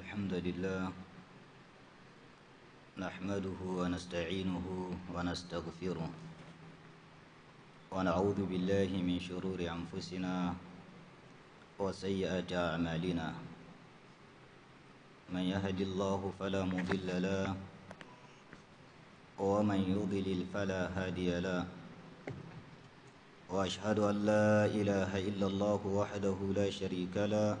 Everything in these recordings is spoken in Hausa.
الحمد لله نحمده ونستعينه ونستغفره ونعوذ بالله من شرور أنفسنا وسيئات أعمالنا من يهد الله فلا مضل له ومن يضلل فلا هادي له وأشهد أن لا إله إلا الله وحده لا شريك له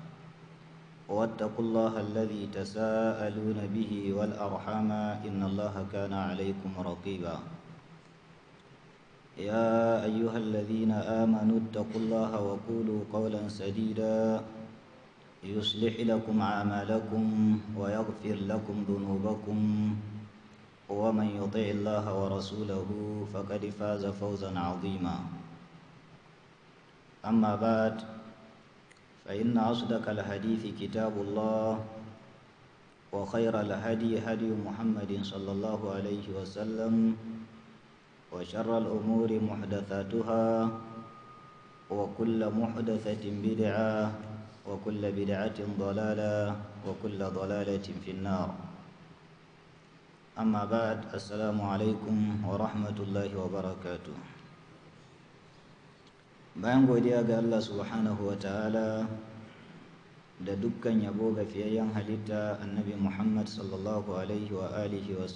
واتقوا الله الذي تساءلون به والأرحام إن الله كان عليكم رقيبا يا أيها الذين آمنوا اتقوا الله وقولوا قولا سديدا يصلح لكم عمالكم ويغفر لكم ذنوبكم ومن يطع الله ورسوله فقد فاز فوزا عظيما أما بعد فإن أصدق الحديث كتاب الله وخير الهدي هدي محمد صلى الله عليه وسلم وشر الأمور محدثاتها وكل محدثة بدعة وكل بدعة ضلالة وكل ضلالة في النار أما بعد السلام عليكم ورحمة الله وبركاته bayan godiya ga Allah subhanahu wa ta'ala da dukkan yabo ga fiyayyen halitta annabi Muhammad sallallahu alaihi wa alihi wa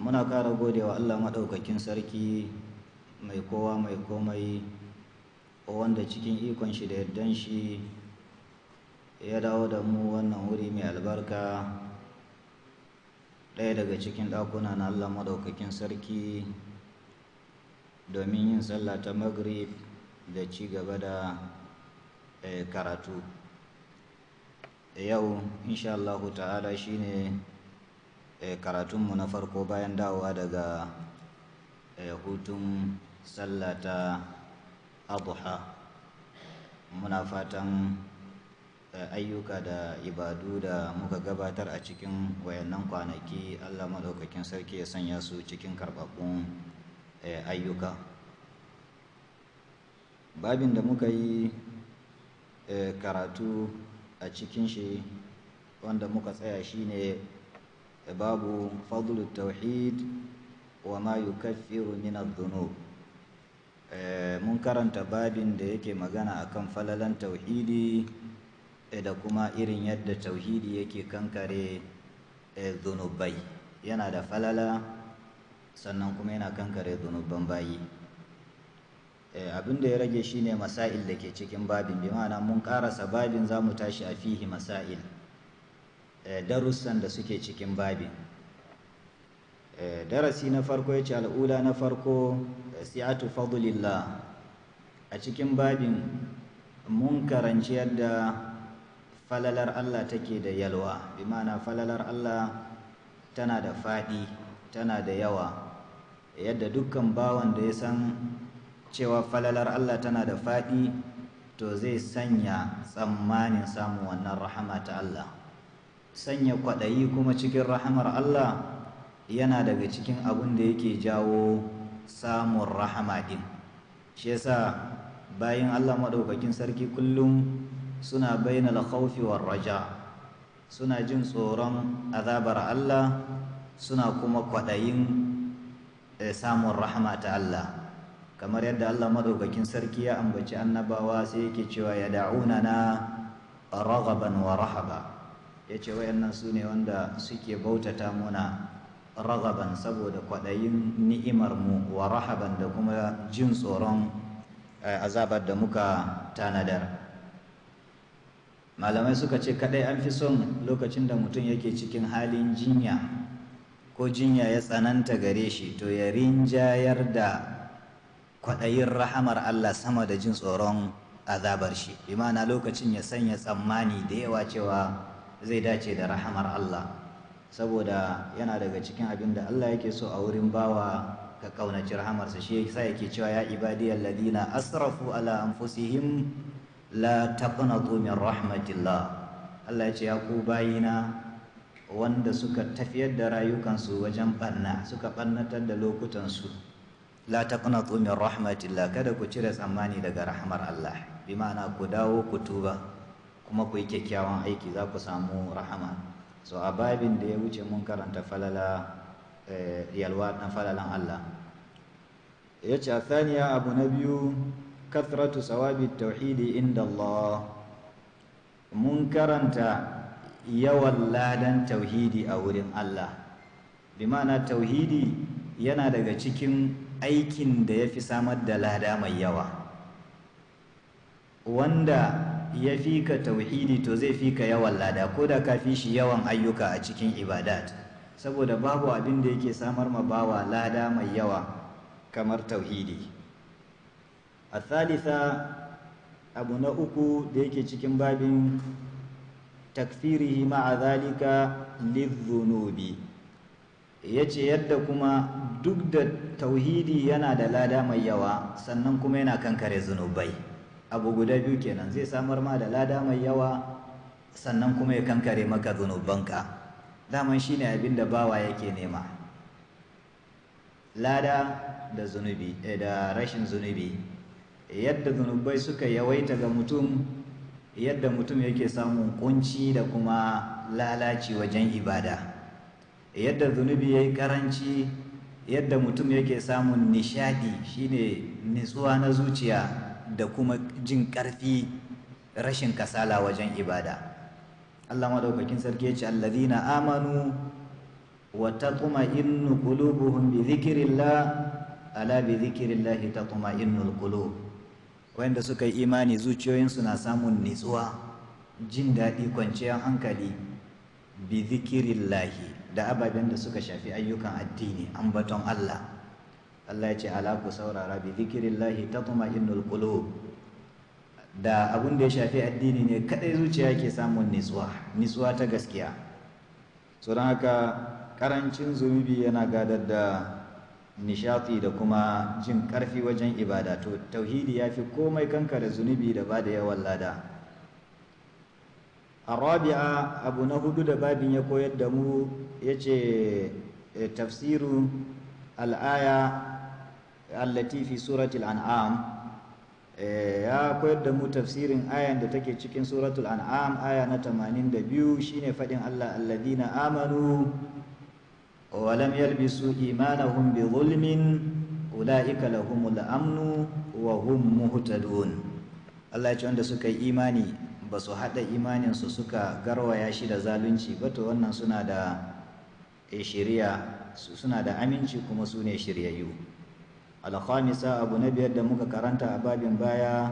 muna ƙara godewa Allah maɗaukakin sarki mai kowa mai komai wanda cikin ikon shi da yardan shi ya dawo da mu wannan wuri mai albarka ɗaya daga cikin ɗakuna na Allah maɗaukakin sarki domin yin sallah ta maghrib da ci gaba da eh, karatu yau insha Allah ta'ala shine eh, karatun mu na farko bayan dawowa daga eh, hutun sallah ta adha muna fatan ayyuka da ibadu da muka gabatar a cikin wayannan kwanaki allah madaukakin sarki ya sanya su cikin karbakun Eh, ayyuka babin da muka yi eh, karatu a cikin shi wanda muka tsaya shi ne eh, babu fadlu tauhid wa ma yukaffiru min adh-dhunub mun karanta babin da yake magana akan falalan tauhidi da kuma irin yadda tauhidi yake kankare zunubai yana da falala sannan kuma yana kankare zunuban bayi eh, Abinda ya rage shine masail da ke cikin babin bi ma'ana mun karasa babin za mu tashi a fihi masail eh, darussan da suke cikin babin eh, darasi na farko ya ce al'ula na farko siyatu fadulillah a cikin babin mun karanci yadda falalar Allah take da yalwa bi ma'ana falalar Allah tana da faɗi tana da yawa yadda dukkan bawan da ya san cewa falalar Allah tana da faɗi to zai sanya tsammanin samun wannan rahama ta Allah sanya kwaɗayi kuma cikin rahamar Allah yana daga cikin abin da yake jawo samun rahama ɗin shi yasa bayan Allah maɗaukakin sarki kullum suna bayyana khawfi war raja suna jin tsoron azabar Allah suna kuma kwaɗayin Eh, samun rahama ta Allah kamar yadda Allah madaukakin sarki ya ambaci annabawa sai yake cewa ya da'una na ragaban wa rahaba ya ce wayannan su ne wanda suke bautata muna ragaban saboda kwaɗayin ni'imar mu wa rahaban da kuma jin tsoron eh, azabar da muka tanadar malamai suka ce kadai an fi son lokacin da mutum yake cikin halin jinya ko jinya ya tsananta gare shi to ya rinjayar da kwaɗayin rahamar Allah sama da jin tsoron azabar shi bi ma'ana lokacin ya sanya tsammani da yawa cewa zai dace da rahamar Allah saboda yana daga cikin abin da Allah yake so a wurin bawa ka kaunaci rahamarsa shi yasa yake cewa ya ibadi alladina asrafu ala anfusihim la taqnatu min rahmatillah Allah ya ce ya ku bayina wanda suka tafiyar da rayukansu wajen ɓanna suka ɓannatar da lokutansu la taqnatu tsumin rahmatillah kada ku cire tsammani daga rahmar Allah bi ma'ana ku dawo ku tuba kuma ku yi kyakkyawan aiki za ku samu rahama so a babin da ya wuce mun karanta falala eh, yalwa na falalan Allah ya ce a saniya abu na biyu kathratu sawabi tauhidi inda Allah mun karanta yawan ladan tauhidi a wurin Allah bi ma'ana tauhidi yana daga cikin aikin da ya fi samar da lada mai yawa wanda ya fi ka tauhidi to zai fi ka yawan lada ko da ka fi shi yawan ayyuka a cikin ibadat saboda babu abin da yake samar ma bawa lada mai yawa kamar tauhidi a thalitha abu na uku da yake cikin babin takfirihi ma'a zalika Ya ce yadda kuma duk da tauhidi yana da lada mai yawa sannan kuma yana kankare zunubai abu guda biyu kenan zai samar ma da lada mai yawa sannan kuma ya kankare maka zunubanka daman shine abin da bawa yake nema lada da zunubi eh, da rashin zunubi yadda zunubai suka yawaita ga mutum yadda mutum yake samun kunci da kuma lalaci wajen ibada yadda zunubi ya yi karanci yadda mutum yake samun nishadi shine nitsuwa na zuciya da kuma jin karfi rashin kasala wajen ibada allah maɗaukakin sarki ya ce allazina amanu wa innu qulubuhum bi dhikrillah ala bi dhikrillah innu qulub wanda suka yi imani zuciyoyinsu na samun nitsuwa jin daɗi kwanciyar hankali bi lahi, da ababen da suka shafi ayyukan addini ambaton Allah Allah ya ce alaku saurara bi zikirillahi ta qulub da abun da ya shafi addini ne kadai zuciya ke samun nitsuwa nitsuwa ta gaskiya so haka karancin zunubi yana gadar da nishati da kuma jin ƙarfi wajen ibada to tauhidi ya fi komai kanka da zunubi da ba da yawan lada a rabi'a abu na hudu da babin ya koyar da mu ya ce eh, tafsiru al'aya allati fi suratul an'am eh, ya koyar da mu tafsirin ayan da take cikin suratul an'am aya na 82 shine faɗin Allah alladina amanu ولم يلبسوا إيمانهم بظلم أولئك لهم الأمن وهم مهتدون الله يجعل سكا إيماني بس حتى إيماني سكا قروا ياشي لزالونشي بتو أن سنة wannan suna da aminci kuma su ne shiryayyu alhamisa abu na biyar da muka karanta a babin baya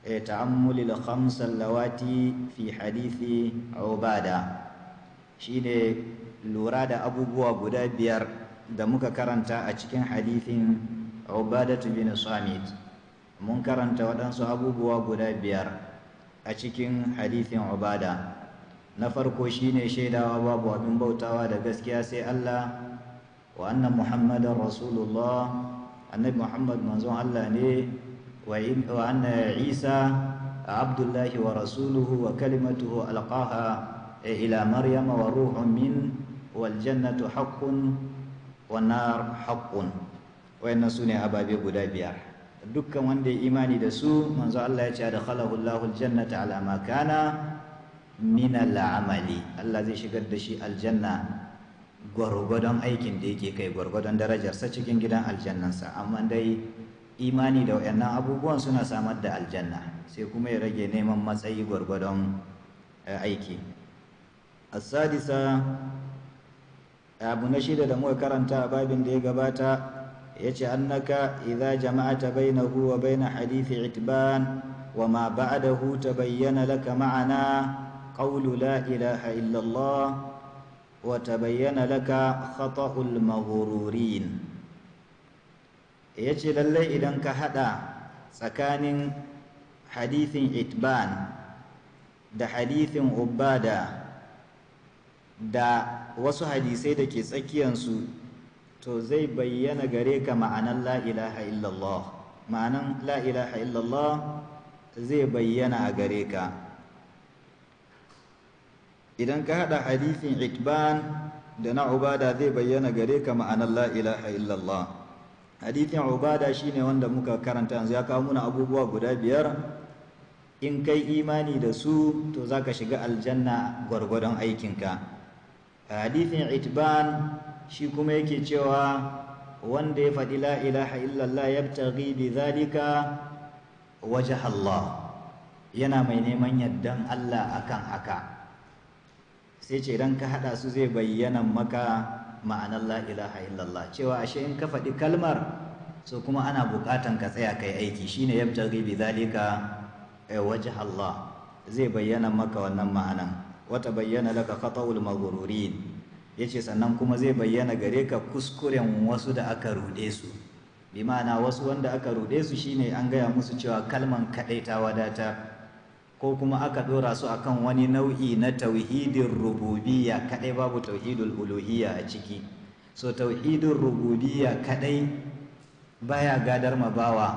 e ta'ammulil khamsal lawati fi hadithi ubada shine lura da abubuwa guda biyar da muka karanta a cikin hadithin ubadatu bin samit mun karanta waɗansu abubuwa guda biyar a cikin hadithin ubada na farko shine shaidawa babu abin bautawa da gaskiya sai Allah wa anna muhammadan rasulullah annabi muhammad manzon Allah ne wa anna isa abdullahi wa rasuluhu wa kalimatuhu alqaha eh, ila maryama wa ruhun min waljannatu haqqun nar haƙƙun wayannan su ne ababe guda biyar dukkan wanda ya imani da su manzo Allah ya ce da khalahu Allahul jannata ala ma kana min amali Allah zai shigar da shi aljanna gwargwadon aikin da yake kai gwargwadon darajarsa cikin gidan aljannansa amma dai imani da wayannan abubuwan suna samar da aljanna sai kuma ya rage neman matsayi gwargwadon aiki السادسة abu na shida da muka karanta a babin da ya gabata ya ce annaka idza jama'ata bainahu wa baina hadithi itban wa ma ba'dahu tabayyana laka ma'ana qawlu la ilaha illa Allah wa tabayyana laka khata'ul maghrurin yace lallai idan ka hada tsakanin hadithin itban da hadithin ubada da wasu hadisai da ke tsakiyansu to zai bayyana gare ka ma'anan la ilaha illallah ma'anan la ilaha illallah zai bayyana a gare ka idan ka hada hadisin itban da na ubada zai bayyana gare ka ma'anan la ilaha illallah hadithin ubada shine wanda muka karanta yanzu ya kawo muna abubuwa guda biyar in kai imani da su to za ka shiga aljanna gwargwadon aikinka hadithin itban shi kuma yake cewa wanda ya faɗi la ilaha ya yabtaghi bi zalika waje Allah yana mai neman yaddan Allah akan haka sai ce idan ka haɗa su zai bayyana maka ma'anar la illallah cewa ashe in ka faɗi kalmar so kuma ana buƙatan ka tsaya kai aiki shine yabtaghi bi zalika eh, waje Allah zai bayyana maka wannan ma'anan wata bayyana laka khata'ul maghrurin yace sannan kuma zai bayyana gare ka kuskuren wasu da aka rude su bi ma'ana wasu wanda aka rude su shine an gaya musu cewa kalman kadai ta wadata ko kuma aka dora su akan wani nau'i na tauhidin Rububiya kadai babu tauhidul uluhiyya a ciki so tauhidin rububiyya kadai baya gadar ma bawa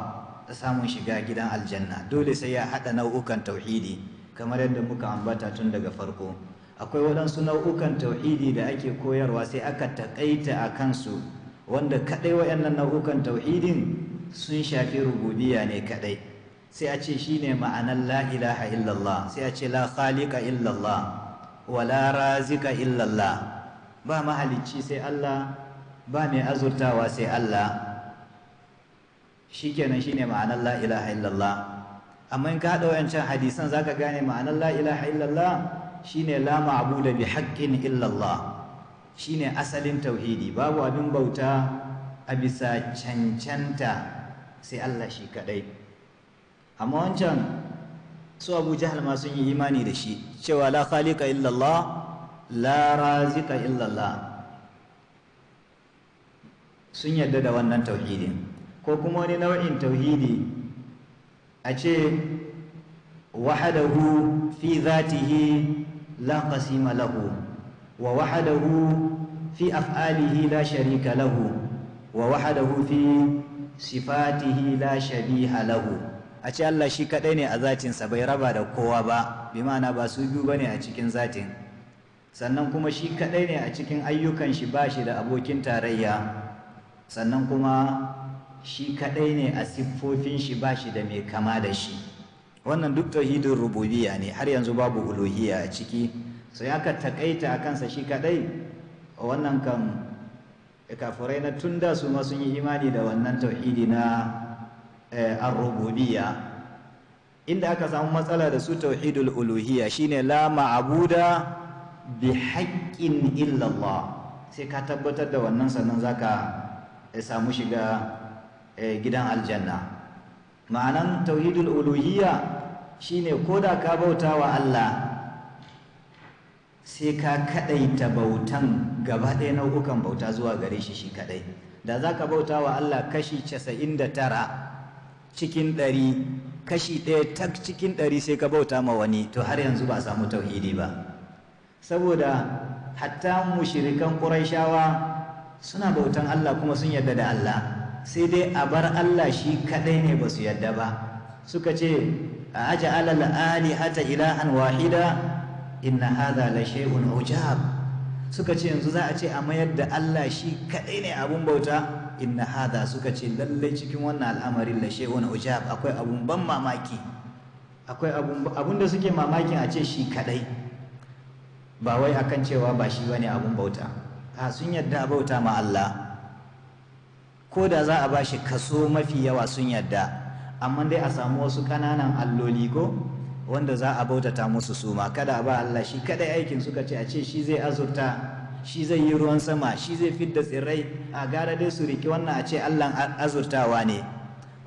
samun shiga gidan aljanna dole sai ya hada nau'ukan tauhidi kamar yadda muka ambata tun daga farko akwai waɗansu nau'ukan tauhidi da ake koyarwa sai aka taƙaita a kansu wanda kaɗai waɗannan nau'ukan tauhidin sun shafi rububiya ne kaɗai sai a ce shi ne ma'anar la ilaha illallah sai a ce la khaliqa illallah wa la razika illallah ba mahalicci sai Allah ba mai azurtawa sai Allah shikenan shine ma'anar la ilaha illallah amma in ka haɗa wayancan hadisan za ka gane ma'anar la ilaha illallah ne la da bi haƙƙin illallah shi ne asalin tauhidi babu abin bauta a bisa cancanta sai Allah shi kaɗai amma wancan su Abu Jahal ma sun yi imani da shi cewa la khaliqa illallah la razika illallah sun yarda da wannan tauhidin ko kuma wani nau'in tauhidi a ce wahadahu fi zatihi la qasima lahu wa wahadahu fi af'alihi la sharika lahu wa wahadahu fi sifatihi la shabiha lahu a ce Allah shi kadai ne a zatinsa bai raba da kowa ba bi ma'ana ba su biyu bane a cikin zatin sannan kuma shi kadai ne a cikin ayyukan shi ba shi da abokin tarayya sannan kuma shi kaɗai ne a siffofin shi ba shi da mai kama da shi wannan duk tauhidin rububiya ne har yanzu babu uluhiya a ciki sai aka takaita a kansa shi kaɗai. wannan kan kafirai na tun da su ma sun yi imani da wannan tauhidi na eh, a rububiyya inda aka samu matsala da su tauhidul uluhiya shine la ma'abuda bi haƙƙin illallah sai ka tabbatar da wannan sannan zaka eh, samu shiga Eh, gidan aljanna ma'anan tauhidul uluhiyya shine ko da ka bauta wa Allah sai ka kadaita bautan gaba ɗaya nau'ukan bauta zuwa gare shi shi kadai da za ka bauta wa Allah kashi 99 cikin ɗari kashi ɗaya tak cikin ɗari sai ka bauta ma wani to har yanzu ba samu tauhidi ba saboda hatta mushirikan ƙuraishawa suna bautan Allah kuma sun yarda da Allah sai dai a bar Allah shi kadai ne ba su yadda ba suka ce a aji alal ali hata ilahan wahida inna hada la shay'un ujab suka ce yanzu za a ce a mayar da Allah shi kadai ne abun bauta inna hada suka ce lalle cikin wannan al'amarin la shay'un ujab akwai abun ban mamaki akwai abun da suke mamakin a ce shi kadai ba wai akan cewa ba shi bane abun bauta a sun yadda bauta ma Allah ko da za a bashi kaso mafi yawa sun yadda amma dai a samu wasu ƙananan alloli ko wanda za a bautata musu suma kada a ba Allah shi kadai aikin suka ce a ce shi zai azurta shi zai yi ruwan sama shi zai fidda tsirrai a gara dai su riki wannan a ce Allah azurtawa ne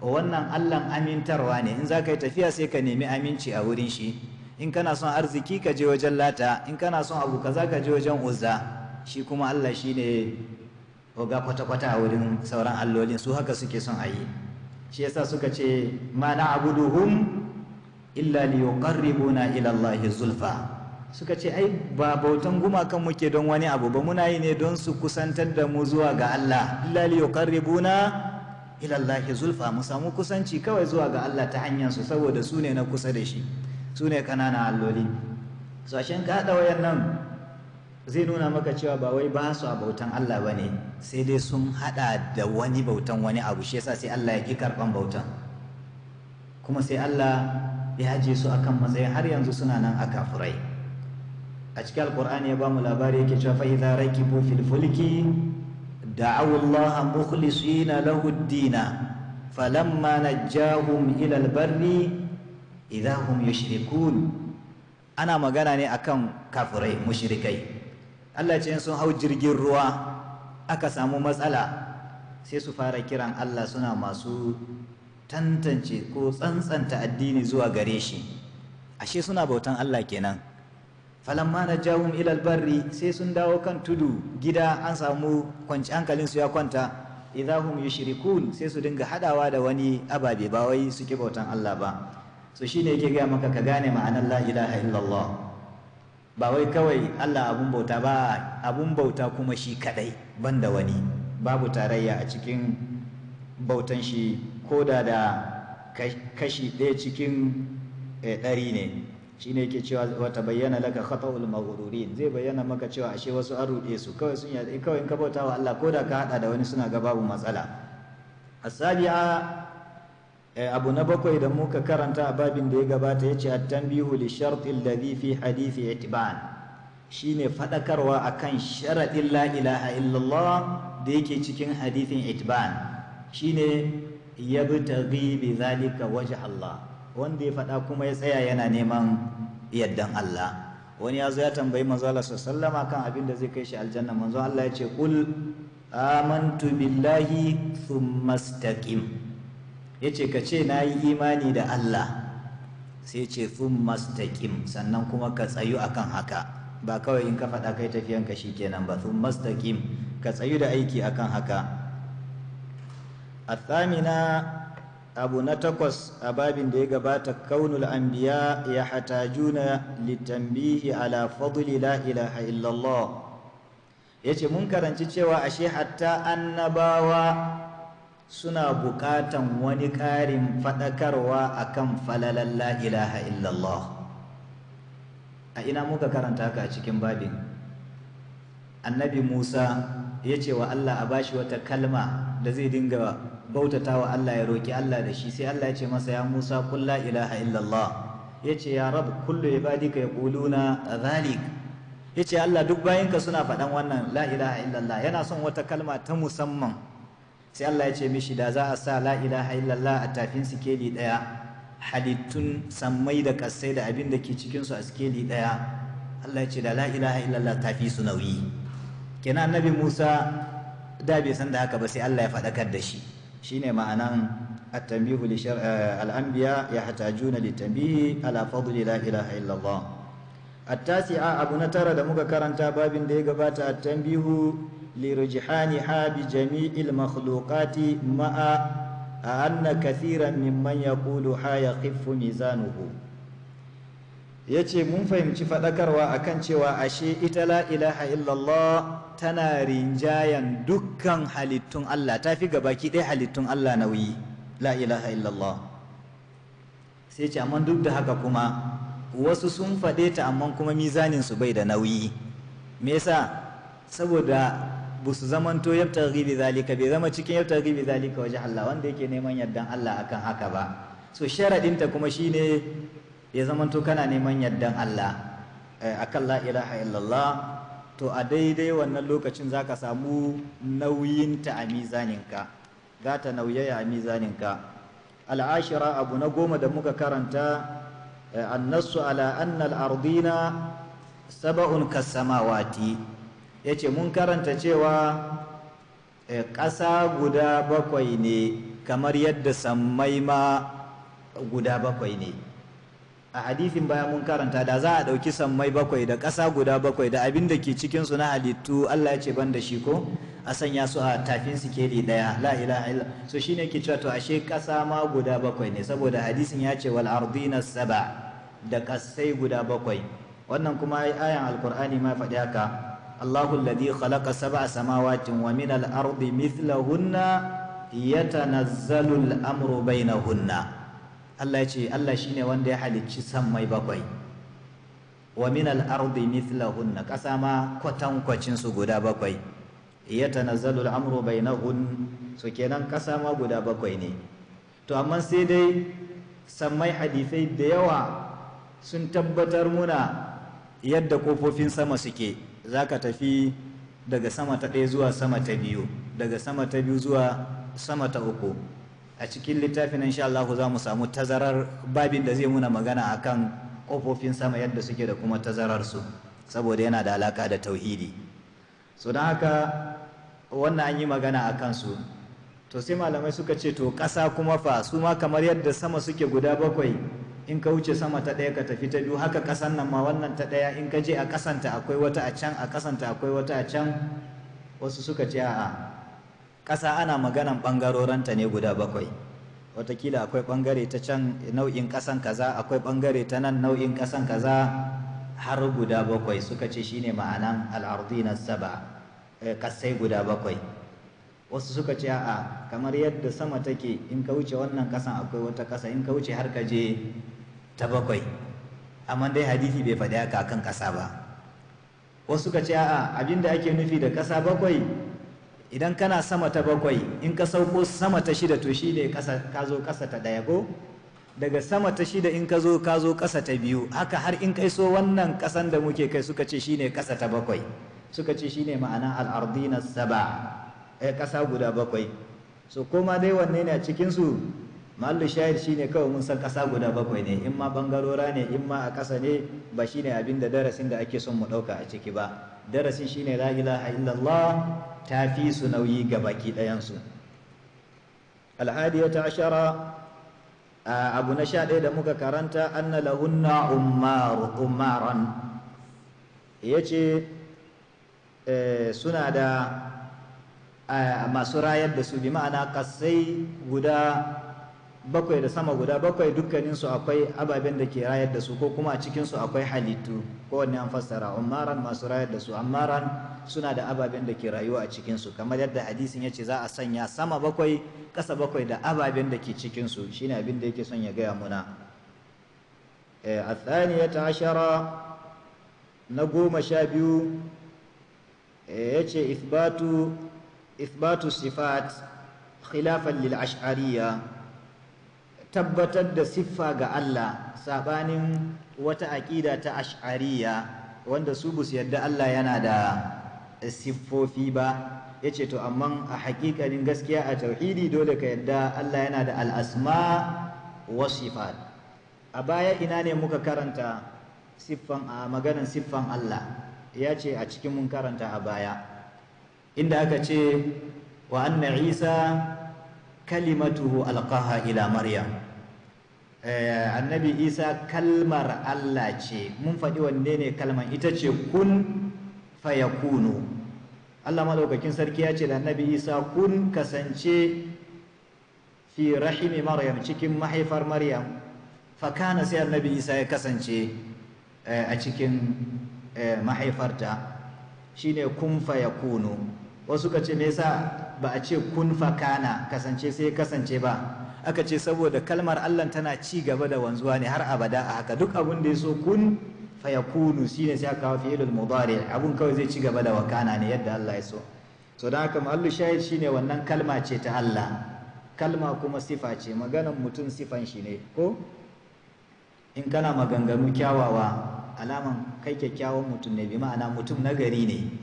wannan Allah amintarwa ne in za ka yi tafiya sai ka nemi aminci a wurin shi in kana son arziki ka je wajen lata in kana son abu kaza ka je wajen uzza shi kuma allah shi ne oga kwata-kwata a wurin sauran allolin su haka suke son a yi shi yasa suka ce ma na abuduhum illa li yuqarribuna ila allahi zulfa suka ce ai ba bautan gumakan muke don wani abu ba muna yi ne don su kusantar da mu zuwa ga Allah illa li yuqarribuna ila allahi zulfa mu samu kusanci kawai zuwa ga Allah ta hanyar su saboda su ne na kusa da shi su ne kananan alloli so ashen ka hada wayannan zai nuna maka cewa ba wai ba su a bautan Allah ba ne sai dai sun haɗa da wani bautan wani abu shi yasa sai Allah ya ƙi karɓan bautan kuma sai Allah ya haje su akan matsayi har yanzu suna nan a kafurai a cikin alƙur'ani ya ba mu labari yake cewa fa idza raqibu fil fulki da'u Allah mukhlisina lahu dina falamma najjahum ila al-barri idza hum yushrikun ana magana ne akan kafurai mushrikai Allah ce sun hau jirgin ruwa aka samu matsala sai su fara kiran Allah suna masu tantance ko tsantsanta addini zuwa gare shi ashe suna bautan Allah kenan falamma na jawun ilal barri sai sun dawo kan tudu gida an samu kwanci su ya kwanta idahum yushrikun sai su dinga hadawa da wani ababe ba wai suke bautan Allah ba so shine yake gaya maka ka gane ma'anar la ilaha illallah ba wai kawai Allah abun bauta ba abun bauta kuma shi kadai banda wani babu tarayya a cikin bautan shi ko da da kashi ɗaya cikin eh, ɗari ne Shi ne yake cewa wata bayyana laka khata'ul maghrurin zai bayyana maka cewa ashe wasu an ruɗe su kawai sun yi kawai in ka bauta wa Allah ko da ka hada da wani suna ga babu matsala asabi'a Eh, abu na bakwai da muka karanta a babin da ya gabata ya ce at-tanbihu li shartil ladhi fi hadithi itiban shine fadakarwa akan kan sharaɗin lailaha illallah da yake cikin hadithin itiban shine yabtaghi bi zalika waje Allah wanda ya fada kuma ya tsaya yana neman yaddan Allah wani ya zo ya tambayi manzo Allah sallama kan abin da zai kai shi aljanna manzo Allah ya ce qul amantu billahi thumma ya ce ka ce na yi imani da Allah sai ce sun mastaƙim sannan kuma ka tsayu akan haka ba kawai in ka faɗa kai ka shi kenan ba sun mastaƙim ka tsayu da aiki akan haka a abu na takwas a babin da ya gabata kaunul biya ya hata juna litambihi ala fadli la ilaha illallah ya ce mun karanci cewa ashe hatta annabawa suna buƙatan wani ƙarin faɗakarwa akan falalan la ilaha illallah a ina muka karanta ka a cikin babin annabi musa ya ce wa allah a bashi wata kalma da zai dinga bautata wa allah ya roki allah da shi sai allah ya ce masa ya musa kun la ilaha illallah ya ce ya rab kullu ibadika yaquluna zalik ya ce allah duk bayinka suna faɗan wannan la ilaha illallah yana son wata kalma ta musamman sai Allah ya ce mishi da za a sa la ilaha illallah a tafin sikeli daya halittun sammai da kasai da abin da ke cikin su a sikeli daya Allah ya ce da la ilaha illallah tafi su nauyi kenan annabi Musa da bai san da haka ba sai Allah ya faɗakar da shi shine ma'anan at-tanbihu li eh, al-anbiya yahtajuna li tanbihi ala fadli la ilaha illallah at-tasi'a abu na tara da muka karanta babin da ya gabata a tambihu. لرجحانها بجميع المخلوقات مع أن كثيرا ممن يقولها يخف ميزانه ya ce mun fahimci faɗakarwa akan cewa ashe ita la ilaha illallah tana rinjayan dukkan halittun Allah ta fi gabaki ɗaya halittun Allah nauyi la ilaha illallah sai ce amma duk da haka kuma wasu sun faɗe ta amma kuma mizanin su bai da nauyi me yasa saboda ba su zamanto yabtaghi bi zalika bai zama cikin yabtaghi bi zalika waje Allah wanda yake neman yardan Allah akan haka ba so sharadin ta kuma shine ya zamanto kana neman yardan Allah eh, akan la ilaha illallah to a daidai wannan lokacin zaka samu nauyin ta a mizanin mizaninka gata nauyaya a mizanin ka al'ashira abu na goma da muka karanta eh, annasu ala annal ardina sab'un kasamawati ya ce mun karanta cewa eh, ƙasa guda bakwai ne kamar yadda sammai ma guda bakwai ne a hadifin baya mun karanta da za a ɗauki sammai bakwai da ƙasa guda bakwai da abin da ke cikinsu na halittu Allah ya ce ban da shi ko a sanya su a tafin sikeli ɗaya la ilaha illa so shine ke cewa to ashe ƙasa ma guda bakwai ne saboda hadisin ya ce wal ardina saba da ƙasai guda bakwai wannan kuma ayan alkur'ani ma faɗi haka Allahu alladhi khalaqa sab'a samawatin wa min al-ardi mithlahunna yatanazzalu al na Hunna. Allah ce Allah shi ne wanda ya halicci sammai bakwai wa min al-ardi mithlahunna kasa ma kwatankwacin su guda bakwai yatanazzalu al na Hunna so kenan kasa ma guda bakwai ne to amma sai dai sammai hadifai da yawa sun tabbatar muna yadda kofofin sama suke za ka tafi daga sama ta ɗaya zuwa sama ta biyu daga sama ta biyu zuwa sama ta uku a cikin littafin insha Allah za mu samu tazarar babin da zai muna magana a kan ƙofofin sama yadda suke da kuma tazarar su saboda yana da alaka da tauhidi so don haka wannan an yi magana a kansu to sai malamai suka ce to ƙasa kuma fa su ma kamar yadda sama suke guda bakwai in ka wuce sama ta ɗaya ka tafi ta biyu haka ƙasan nan ma wannan ta ɗaya in ka je a ƙasanta akwai wata a can a ƙasanta akwai wata a can wasu suka ce a'a ƙasa ana maganan ɓangarorenta ne guda bakwai watakila akwai ɓangare ta can nau'in ƙasan kaza akwai ɓangare ta nan nau'in ƙasan kaza har guda bakwai suka ce shine ma'anan al'ardina saba eh, ƙasai guda bakwai wasu suka ce a'a kamar yadda sama take in ka wuce wannan kasan akwai wata kasa in ka wuce har ka je ta bakwai amma dai hadisi bai faɗi haka kan ƙasa ba wasu ka ce a abinda ake nufi da ƙasa bakwai idan kana sama ta bakwai in ka sauko sama ta shida to shi ne ka zo ƙasa ta ɗaya ko daga sama ta shida in ka zo ka zo ƙasa ta biyu haka har in kai so wannan ƙasan da muke kai suka ce ne ƙasa ta bakwai suka ce ne ma'ana al'ardina saba eh, ƙasa guda bakwai so koma dai wanne ne a cikinsu mahallu shahid shine kawai mun san kasa guda bakwai ne in ma bangarora ne in ma a kasa ne ba shine abin da darasin da ake son mu dauka a ciki ba darasin shine la ilaha illallah ta fi su nauyi ga baki ɗayansu. su alhadiyata ashara abu na sha ɗaya da muka karanta anna lahunna umaran ya ce eh, suna da masu rayar da su bi ma'ana kasai guda bakwai da sama guda bakwai dukkaninsu akwai ababen da ke rayar da su ko kuma a cikinsu akwai halittu wanne an fassara ummaran masu rayar da su ammaran suna da ababen da ke rayuwa a cikinsu kamar yadda hadisin ya ce za a sanya sama bakwai ƙasa bakwai da ababen da ke cikinsu shine abin da yake son ya gaya muna eh, a ashara na goma sha biyu eh, ya ce ithbatu sifat khilafan lil ash'ariyya tabbatar da siffa ga Allah sabanin wata aƙida ta ash'ariya wanda su bus yadda Allah yana da siffofi ba ya ce to amma a haƙiƙanin gaskiya a tauhidi dole ka yadda Allah yana da al'asma wa a baya ina ne muka karanta siffan a maganan siffan Allah ya ce a cikin mun karanta a baya inda aka ce wa anna isa kalimatuhu alqaha ila maryam eh, annabi isa kalmar allah ce mun faɗi wanne ne kalmar ita ce kun fayakunu allah maɗaukakin sarki ya ce da annabi isa kun kasance fi rahimi maryam cikin mahaifar maryam fakana sai annabi isa ya kasance eh, a cikin eh, mahaifarta shine kun fayakunu wasu ka ce me yasa ba a ce kun kana kasance sai ya kasance ba aka ce saboda kalmar Allah tana ci gaba da wanzuwa ne har abada a haka duk abin da ya so kun fayakunu shine sai aka kawo fi'ilul mudari abun kawai zai ci gaba da wakana ne yadda Allah ya so so dan haka ma'allu shahid shine wannan kalma ce ta Allah kalma kuma sifa ce maganan mutum sifan shi ne ko in kana maganganu kyawawa alaman kai kyakkyawan mutum ne bi ma'ana mutum nagari ne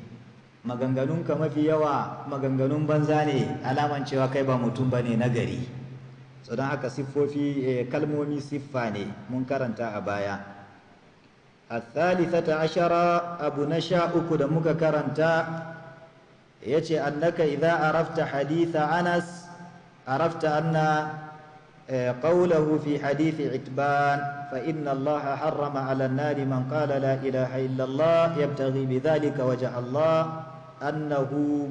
maganganunka mafi yawa maganganun banza ne alaman cewa kai ba mutum ba ne na gari so don haka siffofi eh, kalmomi siffa ne mun karanta a baya الثالثة ashara abu na sha uku da muka karanta ya ce annaka idza arafta haditha anas arafta anna قوله eh, fi حديث itban fa الله حرم harrama النار من قال لا إله إلا الله يبتغي allah annahu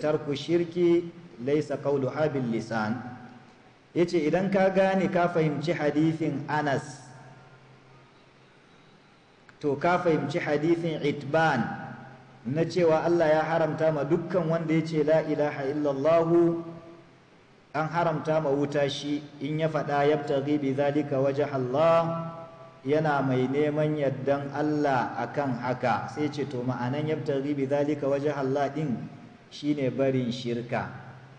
tarku shirki laisa qawlu habil lisan yace idan ka gane ka fahimci hadithin Anas to ka fahimci hadisin Itban na cewa Allah ya haramta ma dukkan wanda yace la ilaha illallah an haramta ma wuta shi in ya faɗa yabtaghi bi zalika wajha Allah yana mai neman yaddan Allah akan haka sai ce to ma'anan yabtaghi ribi zalika wajen Allah din shine barin shirka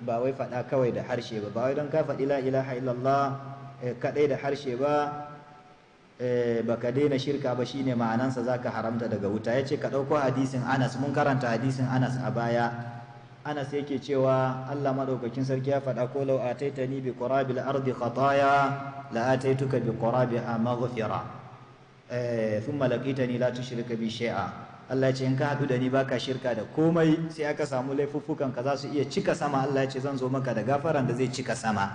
ba wai fada kawai da harshe ba ba wai don ka faɗi la ilaha illallah eh, kaɗai da harshe ba eh, baka daina shirka ba shine ma'anansa zaka haramta daga wuta yace ka ɗauko hadisin Anas mun karanta hadisin Anas a baya anas yake cewa Allah madaukakin sarki ya fada ko lau ni bi qurabil ardi khataya la ataituka bi a maghfira eh thumma laqitani la tushrika bi shay'a Allah ce in ka haɗu da ni baka shirka da komai sai aka samu laifuffukan ka za su iya cika sama Allah ce zan zo maka da gafaran da zai cika sama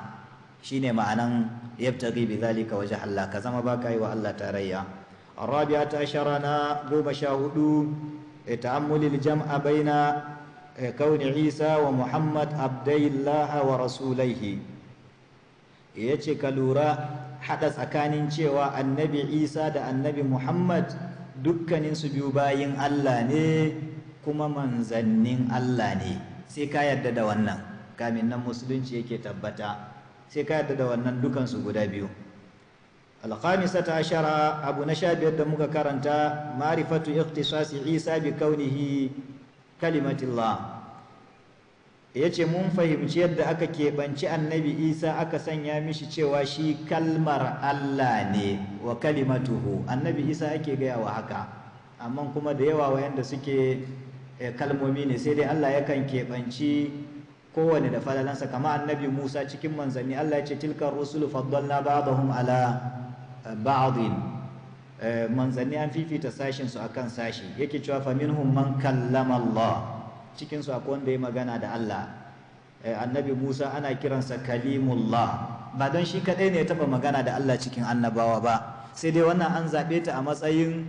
shine ma'anan yabtaghi bi zalika wajh Allah ka zama baka yi wa Allah tarayya الرابعة عشر أنا قوم شاهدوا تأمل الجمع بين Eh, wa Muhammad Abdullahi wa الله Ya eh, yace ka lura hada tsakanin cewa annabi isa da annabi muhammad dukkaninsu biyu bayin allah ne kuma manzannin allah ne sai ka yarda da wannan kamin nan musulunci yake tabbata sai ka yarda da wannan dukansu guda biyu ta ashara abu na sha biyar da muka karanta marifatu iktisasi isa bi kaunihi kalimatullah ya ce mun fahimci yadda aka keɓanci annabi isa aka sanya mishi cewa shi kalmar allah ne wa kalimatuhu annabi isa ake gaya wa haka amma kuma da yawa wayanda suke eh, kalmomi ne sai dai allah yakan keɓanci kowane da falalansa kama annabi musa cikin manzanni allah ya ce tilkar rusulu faddalna ba'dahum ala eh, ba'din Eh, manzanni an fifita sashin su akan sashi yake cewa fa minhum man kallama Allah cikin su akwai wanda ya magana da Allah eh, annabi Musa ana kiransa kalimullah ba don shi kadai ne ya taba magana da Allah cikin annabawa ba sai dai wannan an zabe ta a matsayin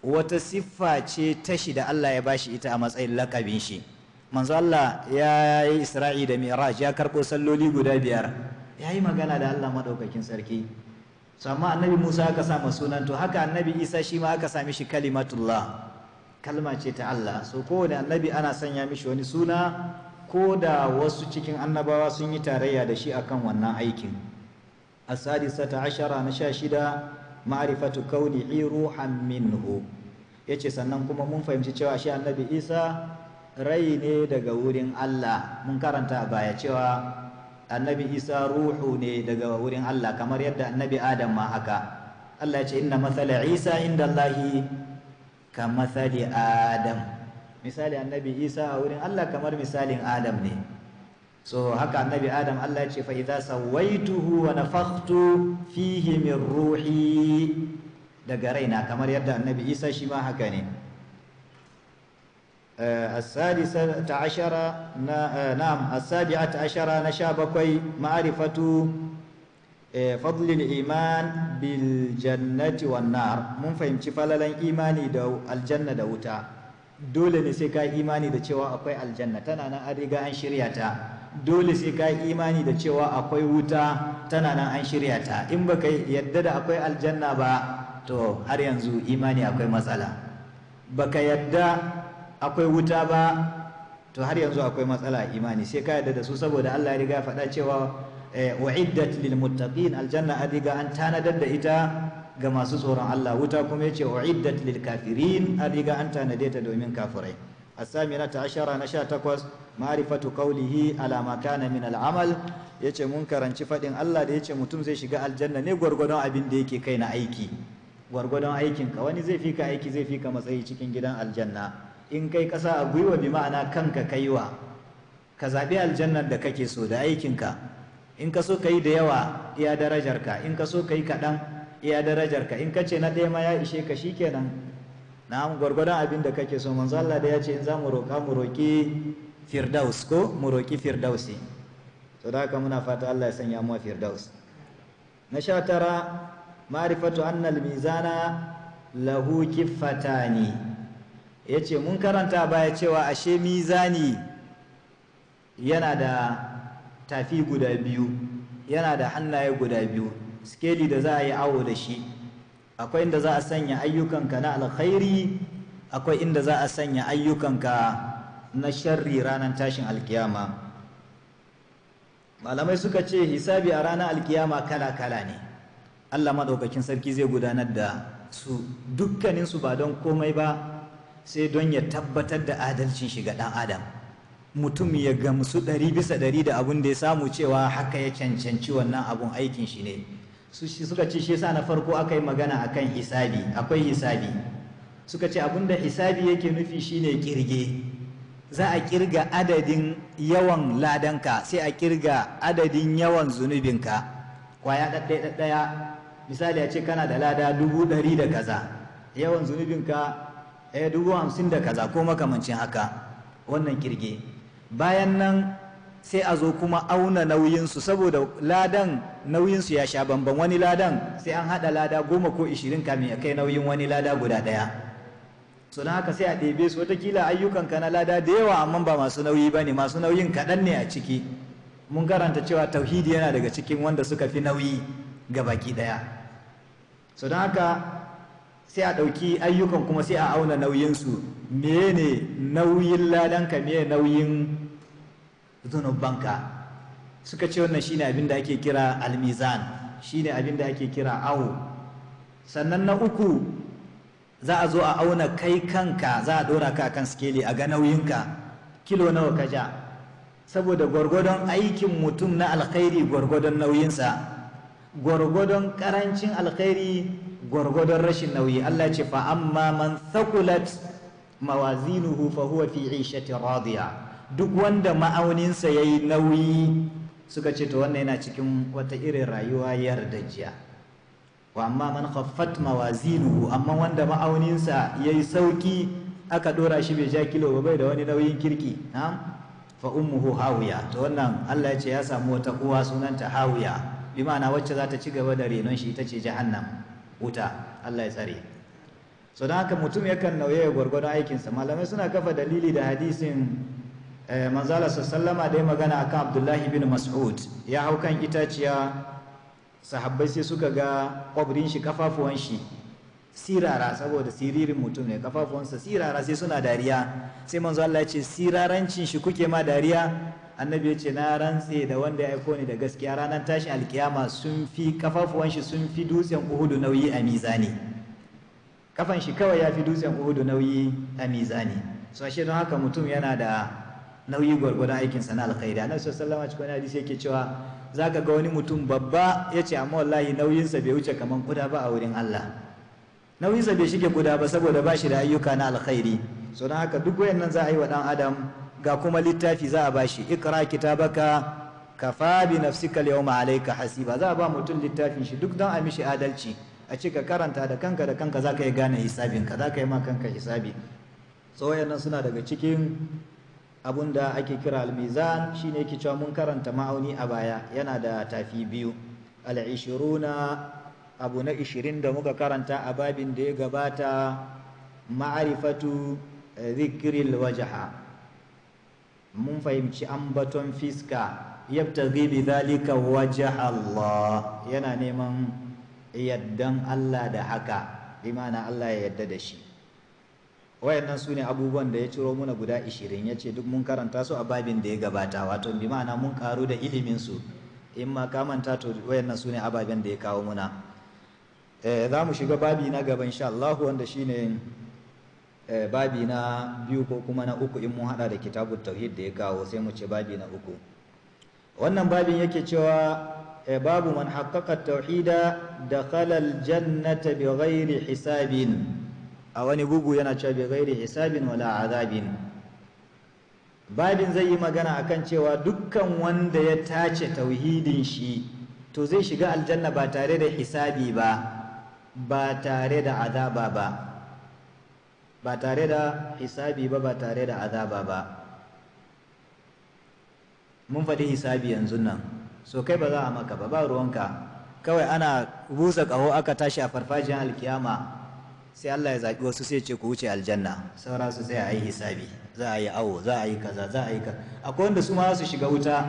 wata siffa ce ta shi da Allah ya bashi ita a matsayin lakabin shi manzo Allah ya yi Isra'i da Mi'raj ya karbo salloli guda biyar ya yi magana da Allah madaukakin sarki so amma annabi Musa aka sa sunan to haka annabi Isa shi ma aka sami shi kalimatullah kalma ce ta Allah so kowane annabi ana sanya mishi wani suna ko da wasu cikin annabawa sun yi tarayya da shi akan wannan aikin asadisata ashara na sha shida ma'arifatu kauni iru minhu ya ce sannan kuma mun fahimci cewa shi annabi isa rai ne daga wurin allah mun karanta baya cewa annabi isa ruhu ne daga wurin allah kamar yadda annabi adam ma haka allah ya ce inna masala isa inda allahi ka masali adam misali annabi isa a wurin allah kamar misalin adam ne so haka annabi adam allah ya ce fa idza sawaituhu wa nafakhtu fihi min ruhi daga raina kamar yadda annabi isa shi ma haka ne السادسة عشرة نعم السابعة عشرة نشابكوي معرفة فضل الإيمان بالجنة والنار mun fahimci falalan imani da aljanna da wuta dole ne sai ka imani da cewa akwai aljanna tana nan an riga an shirya ta dole sai ka imani da cewa akwai wuta tana nan an shirya ta in baka yadda da akwai aljanna ba to har yanzu imani akwai matsala baka yadda akwai wuta ba to har yanzu akwai matsala a imani sai ka yarda da su saboda Allah ya riga ya faɗa cewa wa'iddat eh, lil muttaqin aljanna an riga an tanadar da ita ga masu tsoron Allah wuta kuma yace wa'iddat lil kafirin an riga an tanade ta domin kafirai asamina ta ashara na 18 ma'rifatu qawlihi ala ma kana min al amal yace mun karanci faɗin Allah da yace mutum zai shiga aljanna ne gwargwadon abin da yake kai na aiki gwargwadon aikinka wani zai fika aiki zai fika matsayi cikin gidan aljanna in kai kasa a gwiwa bi ma'ana kanka kaiwa ka zaɓi aljannar da kake so da aikinka in ka so ka yi da yawa iya darajarka in ka so ka yi kaɗan iya darajarka in ka ce na ɗaya ma ya ishe ka shi kenan na gwargwadon abin da kake so manzo Allah da ya ce in za mu roƙa mu roƙi firdaus ko mu roƙi firdausi to da haka muna fata Allah ya sanya mu firdaus na sha tara ma'rifatu annal mizana lahu kiffatani ya ce mun karanta baya cewa ashe mizani yana da tafi guda biyu yana da hannaye guda biyu skeli da za a yi awo da shi akwai inda za a sanya ayyukanka na alkhairi akwai inda za a sanya ayyukanka na sharri ranar tashin alkiyama malamai suka ce hisabi a ranar alkiyama kala-kala ne allah maɗaukakin sarki zai gudanar da su dukkaninsu ba don komai ba sai don ya tabbatar da adalcin shi ga ɗan adam mutum ya gamsu ɗari bisa ɗari da abun da ya samu cewa haka ya cancanci wannan abun aikin shi ne su suka ce shi na farko aka yi magana akan hisabi akwai hisabi suka ce abun da hisabi yake nufi shine kirge za a kirga adadin yawan ladanka sai a kirga adadin yawan zunubinka kwaya ɗaɗɗaya misali a ce kana da lada dubu ɗari da kaza yawan zunubinka ɗaya eh, dubu hamsin da kaza ko makamancin haka wannan kirge bayan nan sai a zo kuma auna nauyinsu saboda ladan nauyinsu ya sha bamban wani ladan sai an haɗa lada goma ko ishirin kamin ya kai nauyin wani lada guda ɗaya so don haka sai a ɗebe su watakila ayyukanka na lada da yawa amma ba masu nauyi ba ne masu nauyin kaɗan ne a ciki mun karanta cewa tauhidi yana daga cikin wanda suka fi nauyi ga baki ɗaya so don haka sai a ɗauki ayyukan kuma sai a auna nauyinsu ne nauyin ladanka meye nauyin zunubanka suka ce wannan shine abin da ake kira almizan shine abin da ake kira awo sannan na uku za a zo a auna kai kanka za a ɗora ka kan skeli a ga nauyinka kilo nawa ka ja saboda gwargwadon aikin mutum na alkhairi gwargwadon nauyinsa gwargwadon karancin alkhairi gwargwadon rashin nauyi Allah ce fa amma man thaqulat mawazinuhu fa huwa fi 'ishati radiya duk wanda ma'auninsa yayi nauyi suka ce to wannan yana cikin wata irin rayuwa yardajiya wa amma man khaffat mawazinuhu amma wanda ma'auninsa yayi sauki aka dora shi bai ja kilo ba bai da wani nauyin kirki fa ummuhu hawiya to wannan Allah ya ce ya samu wata uwa sunanta hawiya bi ma'ana wacce za ta ci gaba da renon shi ita ce jahannam wuta Allah ya tsare so don haka mutum yakan nauye gwargwadon aikinsa malamai suna kafa dalili da hadisin eh, manzala sallama da ya magana akan abdullahi bin mas'ud ya hau kan itaciya sahabbai sai suka ga kwabrin shi kafafuwan shi sirara saboda siririn mutum ne kafafuwansa sirara sai suna dariya sai manzo Allah ya ce sirarancin shi kuke ma dariya annabi ya ce na rantse da wanda ya aiko ni da gaskiya ranar tashi alkiyama sun fi kafafuwan shi sun fi dutsen uhudu nauyi a mizani kafan shi kawai ya fi dutsen uhudu nauyi a mizani so ashe don haka mutum yana da nauyi gwargwadon aikinsa na alkhairi annabi sallallahu alaihi cikin hadisi yake cewa zaka ga wani mutum babba yace amma wallahi nauyinsa bai wuce kamar kuda ba a wurin Allah nauyinsa bai shige kuda ba saboda ba shi da ayyuka na alkhairi so don haka duk wayannan za a yi wa dan adam ga kuma littafi za a bashi ikra kitabaka kafa bi nafsika al alayka hasiba za a ba mutum littafin shi duk don a mishi adalci a cika karanta da kanka da kanka zaka yi gane hisabin ka zaka ma kanka hisabi so wayannan suna daga cikin abun da ake kira al shine yake cewa mun karanta ma'auni a baya yana da tafi biyu al abu na 20 da muka karanta a babin da ya gabata ma'arifatu dhikril eh, wajha mun fahimci ambaton fiska yabtaghi bi dhalika wajha Allah yana neman yaddan Allah da haka imana Allah ya yadda da shi wayannan su ne abubuwan da ya ciro muna guda 20 ya ce duk mun karanta su a babin da ya gabata wato bi ma'ana mun karu da ilimin su in ma ka manta to wayannan su ne ababen da ya kawo muna eh, za mu shiga babi na gaba insha Allah wanda shine Eh, babi na biyu ko kuma na uku in mun hada da kitabun tauhid da ya kawo sai mu ce babi na uku wannan babin yake cewa eh, babu man haƙaƙa tauhida da khalal jannata bi ghairi hisabin a wani bugu yana cewa bi ghairi hisabin wala azabin babin zai yi magana akan cewa dukkan wanda ya tace tauhidin shi to zai shiga aljanna ba tare da hisabi ba ba tare da azaba ba ba tare da hisabi ba ba tare da azaba ba mun faɗi hisabi yanzu nan so kai ba za a maka ba ba ruwanka kawai ana busa ƙaho aka tashi a farfajiyar alkiyama sai Allah ya zaɓi wasu sai ce ku wuce aljanna saura su sai a yi hisabi za a yi awo za a yi kaza za a yi kaza akwai wanda su ma su shiga wuta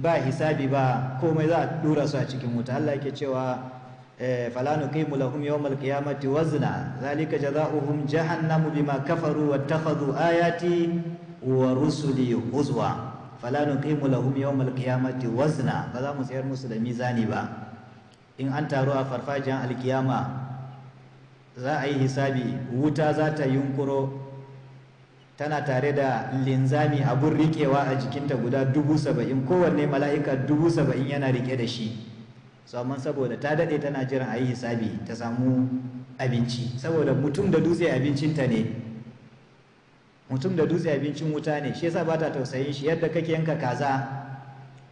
ba hisabi ba komai za a dura su a cikin wuta Allah yake cewa Eh, falanu kaimu lahum yawmal qiyamati wazna zalika jazaohum jahannamu bima kafaru wattakhadhu ayati wa rusuli huzwa falanu kaimu lahum yawmal qiyamati wazna ba za mu sayar musu da mizani ba in an taru a farfajin alkiyama za a yi hisabi wuta za ta yunkuro tana tare da linzami abun rikewa a jikinta guda dubu saba'in kowanne mala'ika dubu saba'in yana rike da shi su saboda ta daɗe tana jiran a yi hisabi ta samu abinci saboda mutum da dutse abincinta ne mutum da dutse abincin wuta ne shi yasa ba ta tausayin shi yadda kake yanka kaza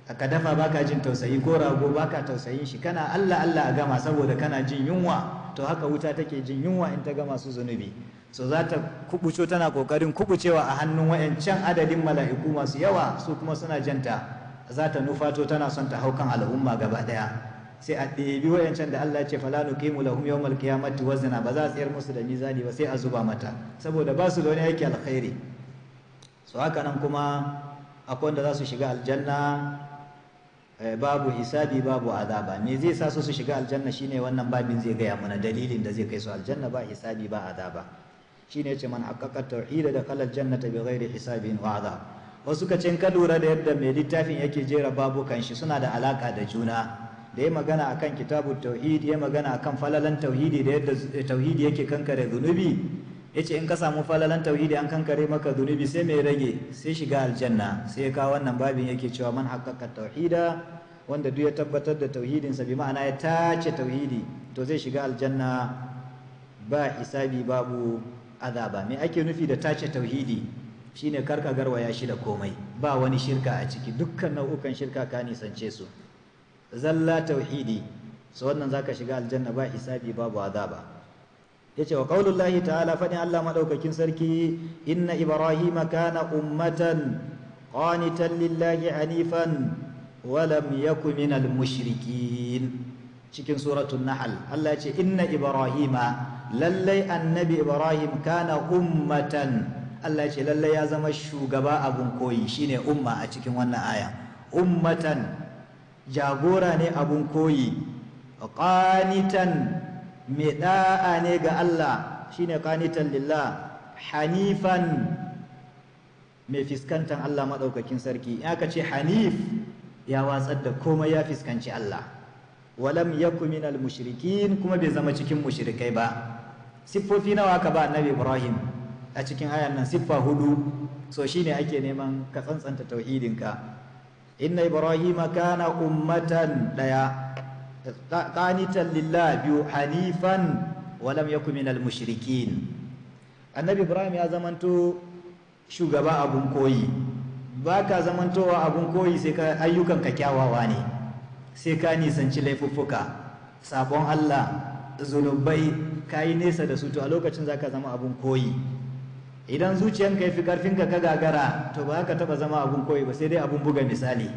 ka dafa baka jin tausayi ko rago baka tausayin shi kana Allah Allah a gama saboda kana jin yunwa to haka wuta take jin yunwa in ta gama su zunubi so za ta kubuce tana kokarin kubucewa a hannun wayancan adadin mala'iku masu yawa su kuma suna janta za ta nufato tana son ta haukan al'umma gaba daya sai a ɗebi wayancan da Allah ya ce fala mu lahum yawmal qiyamati wazna ba za a tsayar musu da mizani ba sai a zuba mata saboda ba su da wani aiki alkhairi so haka nan kuma akwai wanda za su shiga aljanna eh, babu hisabi babu azaba me zai sa su su shiga aljanna shine wannan babin zai gaya mana dalilin da zai kai su aljanna ba hisabi ba azaba shine yace man haqqaqa tauhid da kala aljannata ghairi hisabin wa azab wasu kacin ka lura da yadda mai littafin yake jera babu kanshi suna da alaka da juna da ya magana a kan kitabu tauhidi ya magana a kan falalan tauhidi da yadda tauhidi yake kankare zunubi ce in ka samu falalan tauhidi an kankare maka zunubi sai mai rage sai shiga aljanna sai ya kawo wannan babin yake cewa man haƙaƙa tauhida wanda duk ya tabbatar da tauhidinsa, bi ma'ana ya tace tauhidi to zai shiga aljanna ba hisabi babu azaba me ake nufi da tace tauhidi shine karka garwaya shi da komai ba wani shirka a ciki dukkan nau'ukan shirka ka nisance su zalla tauhidi so wannan zaka shiga aljanna ba hisabi babu azaba yace wa qaulullahi ta'ala fani Allah madaukakin sarki inna ibrahima kana ummatan qanitan lillahi anifan wa lam yakun minal mushrikin cikin suratul nahl Allah yace inna ibrahima lallai annabi ibrahim kana ummatan Allah yace lallai ya zama shugaba abun koyi shine umma a cikin wannan aya ummatan jagora ne abun koyi qanitan mai da'a ne ga Allah shine qanitan lillah hanifan mai fiskantan Allah madaukakin sarki in aka ce hanif ya watsar da komai ya fiskanci Allah walam yaku minal mushrikin kuma bai zama cikin mushrikai ba siffofi nawa ka ba annabi Ibrahim a cikin ayan nan siffa hudu so shine ake neman ka tsantsanta tauhidinka inna ibrahima kana ummatan daya qanitan lillah biyu hanifan wa lam yakun minal mushrikin annabi ibrahim ya zamanto shugaba abun koyi ba ka zamantowa abun koyi sai ka ayyukan ka kyawawa ne sai ka nisanci laifuffuka sabon allah zunubai ka yi nesa da su to a lokacin zaka zama abun koyi idan zuciyanka ya fi karfinka ka gagara to ba ka taba zama abun koyi ba sai dai abun buga misali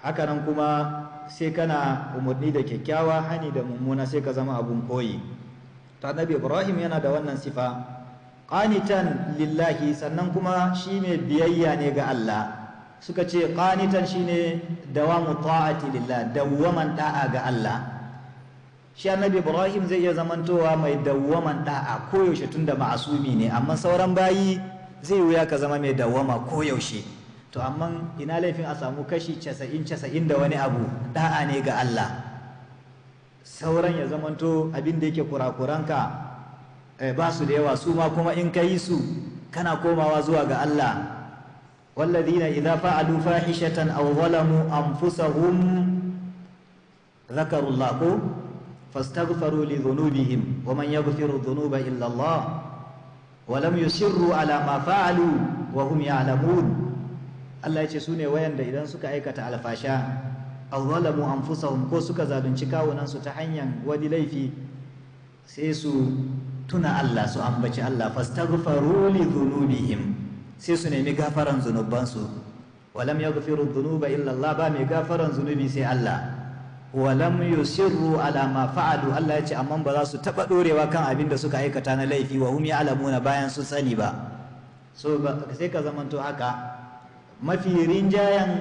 Haka nan kuma sai kana umarni da kyakkyawa hani da mummuna sai ka zama abun koyi ta nabi ibrahim yana da wannan sifa qanitan lillahi sannan kuma shi mai biyayya ne ga Allah suka ce qanitan shine dawamu ta'ati lillah dawaman da'a ga Allah shi annabi ibrahim zai iya zamantowa mai dawwaman da'a koyaushe tun da ma'asumi ne amma sauran bayi zai wuya ka zama mai dawwama koyaushe to amma ina laifin a samu kashi casa'in casa'in da wani abu da'a ne ga allah sauran ya zamanto abin da yake kurakuranka eh, ba su da yawa su ma kuma in ka yi su kana komawa zuwa ga allah والذين إذا فعلوا فاحشة أو ظلموا أنفسهم ذكروا الله فاستغفروا لذنوبهم ومن يغفر الذنوب إلا الله ولم يسروا على ما فعلوا وهم يعلمون Allah ya ce su ne wayanda idan suka aikata alfasha aw zalamu anfusahum ko suka zalunci kawunan su ta hanyar wadi laifi sai su tuna Allah su ambaci Allah fastaghfiru li dhunubihim sai su nemi gafaran zunubansu walam yaghfiru dhunuba illa Allah ba mai gafaran zunubi sai Allah walam yusirru ala ma fa'alu Allah ya ce amma ba za su taba dorewa kan abin da suka aikata na laifi wa hum ya'lamuna bayan sun sani ba so sai ka zamanto haka mafi rinjayen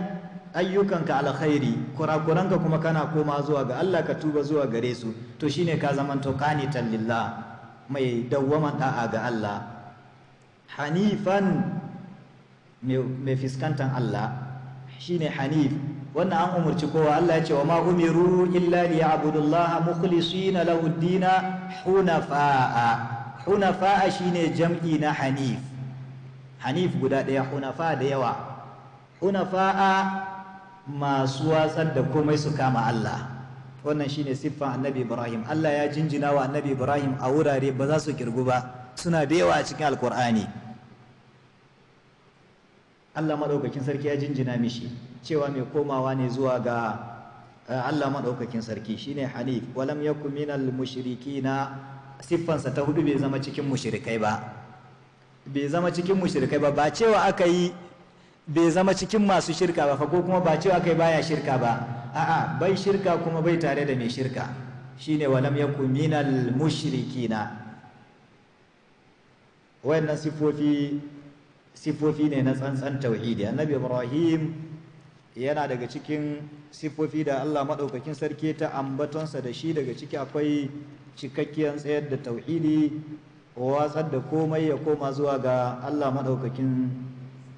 ayyukanka alkhairi kurakuranka kuma kana koma zuwa ga Allah ka tuba zuwa gare su to shine ka zamanto qanitan lillah mai dawwaman da'a ga Allah hanifan mai fiskantan Allah shine hanif wannan an umarci kowa Allah ya ce wa ma umiru illa ya'budullaha mukhlisina lahu ad-dina hunafa'a hunafa'a shine jam'i na hanif hanif guda daya hunafa da yawa hunafa'a masu watsar da komai su kama Allah wannan shine siffan annabi ibrahim allah ya jinjina wa annabi ibrahim a wurare ba za su kirgu ba suna da yawa a cikin alkur'ani allah maɗaukakin sarki ya jinjina mishi cewa mai komawa ne zuwa ga eh, Allah maɗaukakin sarki shine hanif walam yakun mushiriki mushrikina siffansa ta hudu bai zama cikin mushrikai ba bai zama cikin mushrikai ba ba cewa aka yi bai zama cikin masu shirka ba fa ko kuma ba cewa aka yi baya shirka ba a'a bai shirka kuma bai tare da mai shirka shine walam yakun mushiriki mushrikina wayannan na sifofi ne na tsantsan tauhidi annabi ibrahim yana daga cikin siffofi da Allah maɗaukakin sarki ta ambatonsa da shi daga ciki akwai cikakkiyar tsayar da tauhidi watsar da komai ya koma zuwa ga Allah maɗaukakin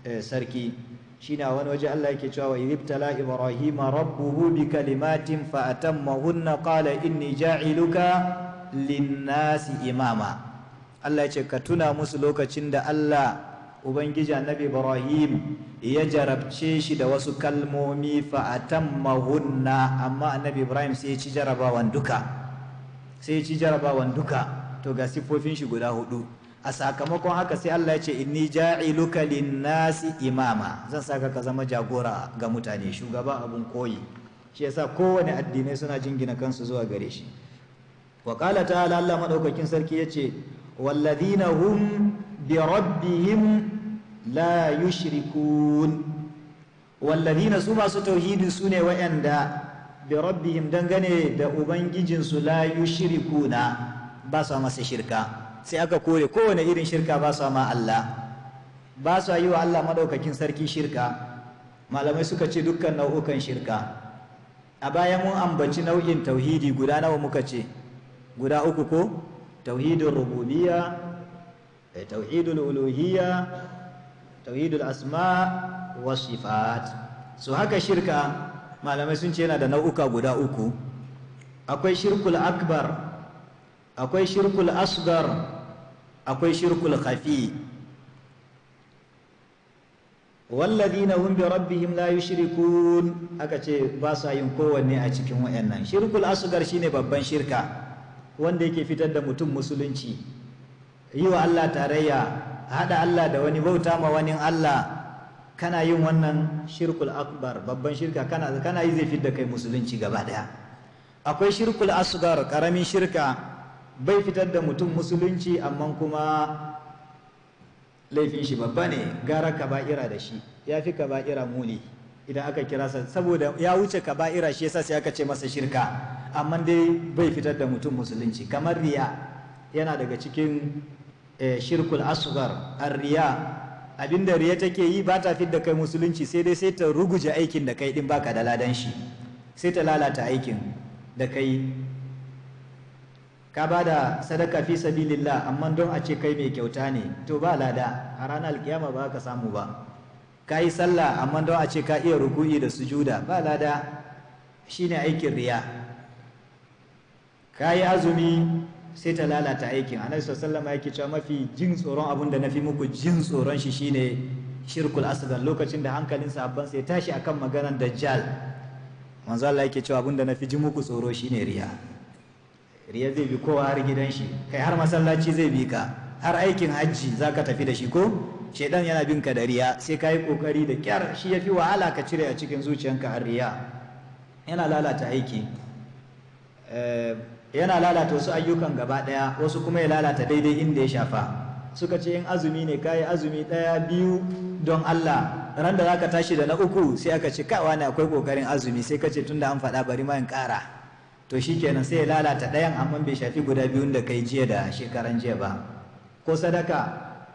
eh, sarki shi na wani waje Allah yake cewa ibtala ibrahim rabbuhu bi kalimatin fa atammahunna qala inni ja'iluka linnasi imama Allah ya ce ka tuna musu lokacin da Allah ubangiji annabi ibrahim ya jarabce shi da wasu kalmomi fa mahunna amma annabi ibrahim sai ya ci jarabawan duka sai ci jarabawan duka to ga siffofin shi guda hudu a sakamakon haka sai Allah ya ce inni ja'iluka nasi imama zan saka ka zama jagora ga mutane shugaba abun koyi shi yasa kowane addinai suna jingina kansu zuwa gare shi wa qala ta'ala Allah madaukakin sarki yace wallazina hum birabbihim la yushrikun walladhina su masu tauhidi su ne waɗanda birabbihim dangane da ubangijinsu la yushrikuna ba sa masa shirka sai aka kore kowane irin shirka ba su ma Allah ba su yi wa Allah madaukakin sarki shirka malamai suka ce dukkan nau'ukan shirka a bayan mun ambaci nau'in tauhidi guda nawa muka ce guda uku ko tauhidin rububiyya Eh, tauhidul uluhiyya tauhidul asma wa sifat so haka shirka malamai sun ce yana da nau'uka guda uku akwai shirkul akbar akwai shirkul asgar akwai shirkul khafi walladina hum bi rabbihim la yushrikun aka ce ba sa yin kowanne a cikin wayannan shirkul asgar shine babban shirka wanda yake fitar da mutum musulunci yi wa Allah tarayya haɗa Allah da wani bauta ma wani Allah kana yin wannan shirkul akbar babban shirka kana kana yi zai fi da kai musulunci gaba daya akwai shirkul asgar karamin shirka bai fitar da mutum musulunci amma kuma laifin shi babba ne gara kaba'ira da shi ya fi kaba'ira muni idan aka kira sa saboda ya wuce kaba'ira shi yasa sai aka ce masa shirka amma dai bai fitar da mutum musulunci kamar riya yana daga cikin Eh, shirkul asghar arriya abinda riya take yi ba ta fidda kai musulunci sai dai sai ta ruguje aikin da kai din baka da ladan shi sai ta lalata aikin da kai ka ba da sadaka fi sabilillah amma don a ce kai mai kyauta ne to ba lada a ranar alkiyama ba ka samu ba ka yi sallah amma don a ce ka iya ruku'i da sujuda ba lada shine aikin riya ka yi azumi sai ta lalata aikin annabi sallallahu alaihi yake cewa mafi jin tsoron abin da nafi muku jin tsoron shi shine shirkul asgar lokacin da hankalin sahabban sai tashi akan maganar dajjal manzo Allah yake cewa abin da nafi ji muku tsoro shine riya riya zai bi kowa har gidan shi kai har masallaci zai bi ka har aikin hajji zaka tafi da shi ko shedan yana bin ka da riya sai ka yi kokari da kyar shi fi wahala ka cire a cikin zuciyanka har riya yana lalata aiki eh, yana lalata wasu ayyukan gaba ɗaya wasu kuma ya lalata daidai inda ya shafa suka ce in azumi ne kayi azumi ɗaya biyu don Allah ran da za ka tashi da na uku sai aka ce kawa ne akwai kokarin azumi sai ka ce tunda an faɗa bari ma in ƙara to shikenan sai ya lalata ɗayan amma bai shafi guda biyun da kai jiya da shekaran jiya ba ko sadaka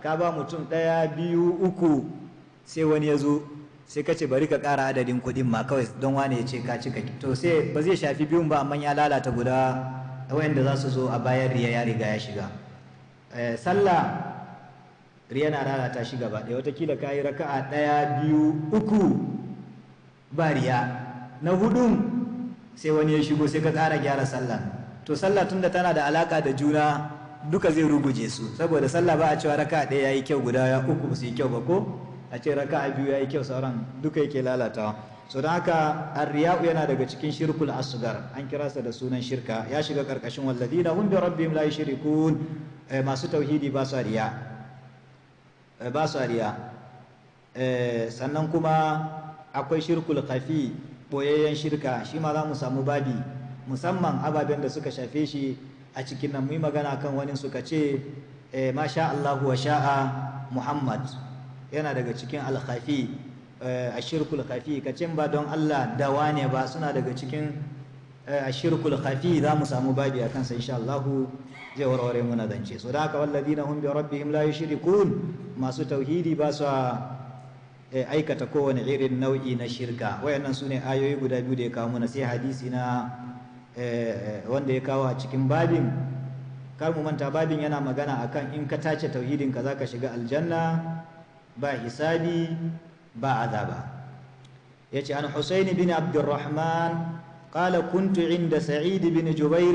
ka ba mutum ɗaya biyu uku sai wani ya zo sai ka ce bari ka ƙara adadin kuɗin ma kawai don wane ya ce ka cika to sai ba zai shafi biyun ba amma ya lalata guda wayanda za su zo a bayan riya ya riga ya shiga eh, sallah riya na lalata shi gaba ɗaya watakila ka yi raka'a ɗaya biyu uku ba riya na hudun sai wani ya shigo sai ka tsara gyara sallah to sallah tun da tana da alaka da juna duka zai ruguje su saboda sallah ba a cewa raka'a ɗaya ya yi kyau guda ya uku su yi kyau ba ko a ce raka'a biyu ya yi kyau sauran duka yake lalatawa so don haka arriya'u yana daga cikin shirkul asugar an kira sa da sunan shirka ya shiga karkashin da hum bi rabbihim la yushrikun eh, masu tauhidi ba su riya eh, ba su riya eh, sannan kuma akwai shirkul kafi boyayyen shirka shi ma za mu samu babi musamman ababen da suka shafe shi a cikin nan muyi magana kan wani suka ce masha Allahu wa sha'a Muhammad yana daga cikin alkhafi Eh, ashirkul khafi ka cin ba don Allah dawa ne ba suna daga cikin eh, ashirkul khafi za mu samu babi akan kansa insha Allah zai warware muna zance so da haka walladina hum bi rabbihim la yushrikun masu tauhidi ba su eh, aikata kowane irin nau'i na shirka wayannan su ne ayoyi guda biyu da ya kawo muna sai hadisi na wanda ya kawo a cikin babin kar mu manta babin yana magana akan in ka tace tauhidin ka zaka shiga aljanna ba hisabi ba azaba yace an husaini bin abdurrahman qala kuntu inda sa'id bin jubair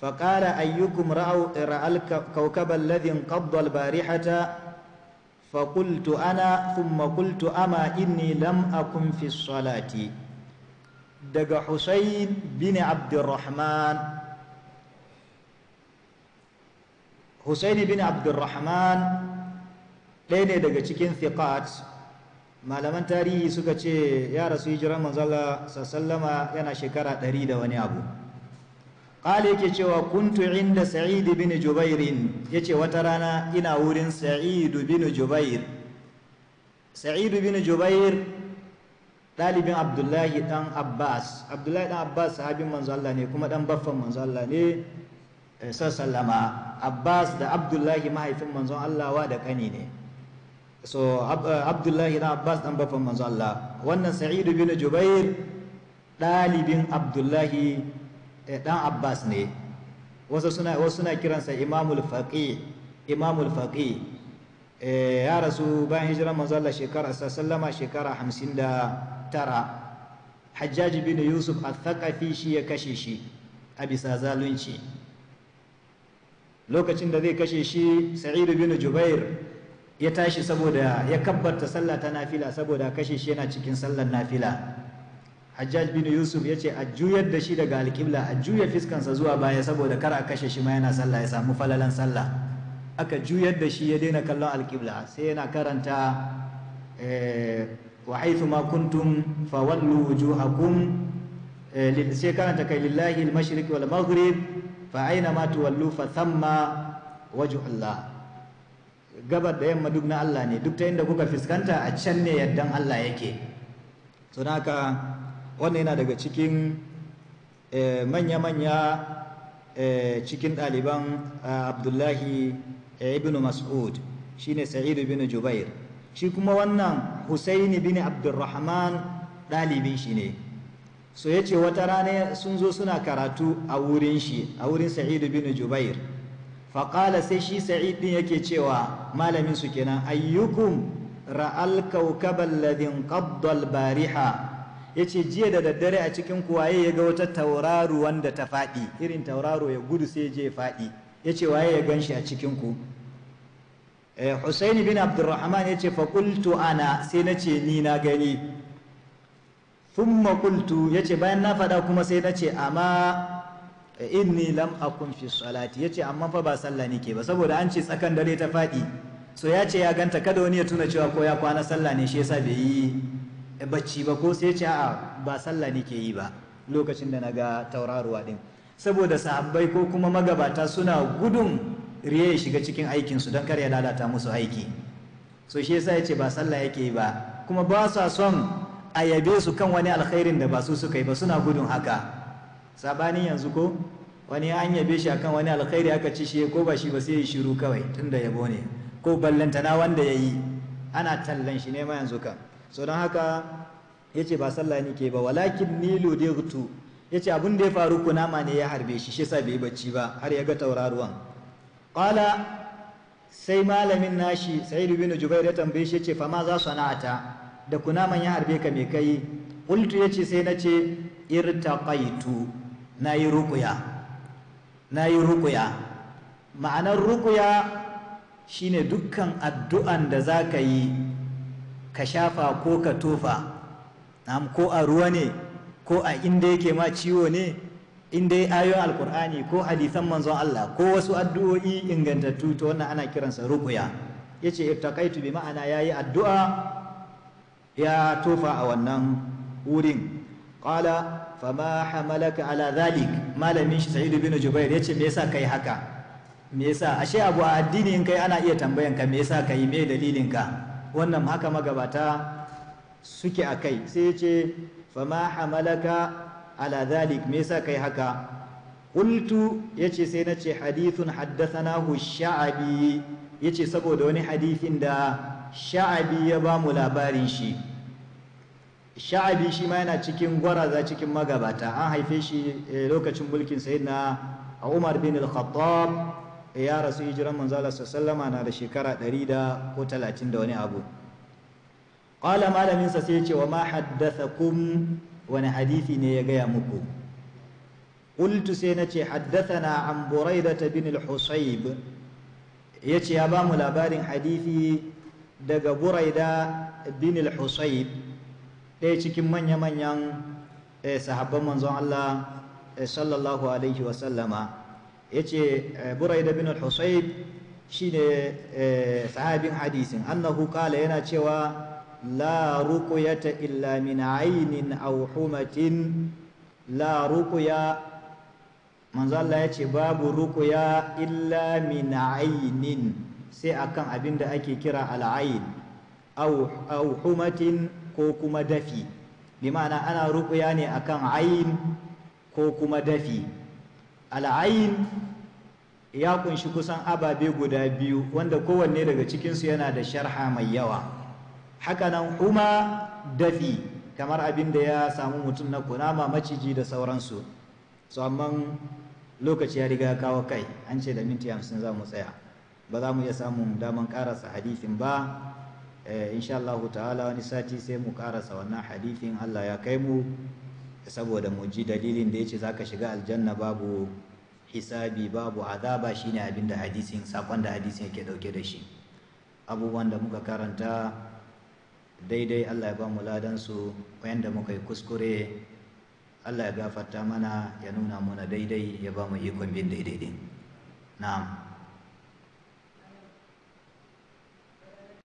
fa qala ayyukum ra'u ra'al kawkab alladhi qadda albarihata fa qultu ana thumma qultu ama inni lam akun fi salati daga husaini bin abdurrahman ɗaya ne daga cikin thiqat malaman tarihi suka ce ya rasu jiran manzala sassallama yana shekara ɗari da wani abu ƙali yake cewa kuntu inda sa'idu bin jubairin ya ce wata rana ina wurin sa'idu bin jubair sa'idu bin jubair ɗalibin abdullahi ɗan abbas abdullahi ɗan abbas sahabin manzala ne kuma ɗan baffan manzala ne eh, sassallama abbas da abdullahi mahaifin manzon Allah wa da kani ne so uh, abdullahi na abbas dan bafan manzo Allah wannan sa'id bin jubair dalibin abdullahi eh, dan abbas ne wasu suna wasu suna kiransa imamul faqih imamul faqih eh, ya rasu bayan hijiran manzo Allah shekara sallama shekara 59 Hajjaji bin Yusuf al-Thaqafi shi ya kashe shi a bisa zalunci lokacin da zai kashe shi Sa'id bin Jubair ya tashi saboda ya kabbarta sallah ta nafila saboda kashe shi yana cikin sallar nafila Hajjaj bin Yusuf ya ce a juyar da shi daga alkibla a juya fiskansa zuwa baya saboda kar a kashe shi ma yana sallah ya samu falalan sallah aka juyar da shi ya daina kallon alkibla sai yana karanta eh, wa haithu ma kuntum fawallu wujuhakum eh, sai karanta kai lillahi al-mashriq wal maghrib fa aina ma tuwallu fa thamma wajhu Allah gabar da yamma duk na Allah ne duk ta inda kuka fuskanta a can ne yaddan Allah yake suna haka wannan yana daga cikin eh, manya-manya eh, cikin ɗaliban eh, abdullahi ibn mas'ud shi ne sa'id ibn jubair shi kuma wannan husaini bin abdurrahman ɗalibin shi ne so ya ce wata rana sun zo suna karatu a wurin shi a wurin sa'id bin jubair faƙala sai shi sa'id din yake cewa malamin su kenan ayyukum ra'al kawkabal ladin qaddal bariha yace jiya da daddare a cikin kuwaye ya ga wata tauraro wanda ta faɗi irin tauraro ya gudu sai je faɗi yace waye ya ganshi a cikin ku eh, Husain bin Abdurrahman yace fa qultu ana sai nace ni na gani thumma qultu yace bayan na faɗa kuma sai nace amma Eh, inni lam akun fi salati yace amma fa ba sallah nake ba saboda an ce tsakan dare ta faɗi so ya ce ya ganta kada wani ya tuna cewa ko ya kwana sallah ne shi yasa bai yi eh, bacci ba ko sai ya ce a'a ba sallah nake yi ba lokacin da naga tauraruwa din saboda sahabbai ko kuma magabata suna gudun riya ya shiga cikin aikin su don kar ya lalata musu aiki so shi yasa yace ba sallah yake yi ba kuma ba sa son a su kan wani alkhairin da ba su suka yi ba suna gudun haka sabanin yanzu ko wani an yabe shi akan wani alkhairi aka ci shi ko ba shi ba sai ya shiru kawai tunda yabo ne ko ballantana wanda ya yi ana tallan shi ne ma yanzu ka. so don haka ya ce ba sallah ni ke ba walakin ni ludirtu ya ce abin da ya faru kunama ne ya harbe shi shi sa bai bacci ba har ya ga tauraruwan qala sai malamin nashi sai bin jubair ya tambaye shi ya ce fa ma za sana'ata da kunaman ya harbe ka me kai qultu ya ce sai na ce irtaqaitu na yi rukuya na yi ruƙuya ma'anar rukuya shine dukkan addu'an da za ka yi ka shafa ko ka tofa ko a ruwa ne ko a inda yake ma ciwo ne inda ya ayoyin alkur'ani ko hadisan manzon Allah ko wasu addu'o'i ingantattu to wannan ana kiransa rukuya ya ce irtaƙaitu bi ma'ana ya yi addu'a ya tofa a wannan wurin ƙala fama hamalaka ala zalik malamin shi sa'idu bin jubair yace me yasa kai haka me yasa ashe abu a addini kai ana iya tambayan ka me yasa kai me dalilin ka wannan haka magabata suke a kai sai yace fama hamalaka ala zalik me yasa kai haka qultu yace sai nace hadithun hu sha'abi yace saboda wani hadithin da sha'abi ya ba mu labarin shi sha'abi shi ma yana cikin gwaraza cikin magabata an haife shi eh, lokacin mulkin sayyidina Umar bin al-Khattab eh, ya rasu hijiran manzo Allah sallama na da shekara 100 ko 30 da wani abu qala malamin sai ce wa ma haddathakum wani hadisi ne ya gaya muku qultu sai nace haddathana an ta bin al-husayb yace ya ba mu labarin hadisi daga buraida bin al-husayb ɗaya cikin manya-manyan eh, sahabban manzon Allah eh, sallallahu alaihi wasallama ya ce eh, buraida bin al-husayb ne sahabin hadisin annahu qala yana cewa la ruqyata illa min aynin aw humatin la ruqya manzo Allah ya ce babu ruqya illa min aynin sai akan abin da ake kira al-ayn aw humatin ko kuma dafi bi ma'ana ana ruƙuya ne akan ayin ko kuma dafi al'ayin ya kunshi kusan ababe guda biyu wanda kowanne daga cikinsu yana da sharha mai yawa hakanan kuma dafi kamar abin da ya samu mutum na kunama maciji da sauransu su amma lokaci ya riga kawo kai an ce da minti hamsin za mu tsaya ba za mu iya samun daman karasa hadisin ba Eh, insha Allah ta'ala wani sati sai mu karasa wannan hadithin Allah ya kai mu saboda mu ji dalilin da yace zaka shiga aljanna babu hisabi babu azaba shine abin da hadisin sakon da hadisin yake dauke da shi abubuwan da muka karanta daidai Allah ya ba mu ladan su da muka yi kuskure Allah ya gafarta mana ya nuna mana daidai ya ba mu ikon bin daidai na'am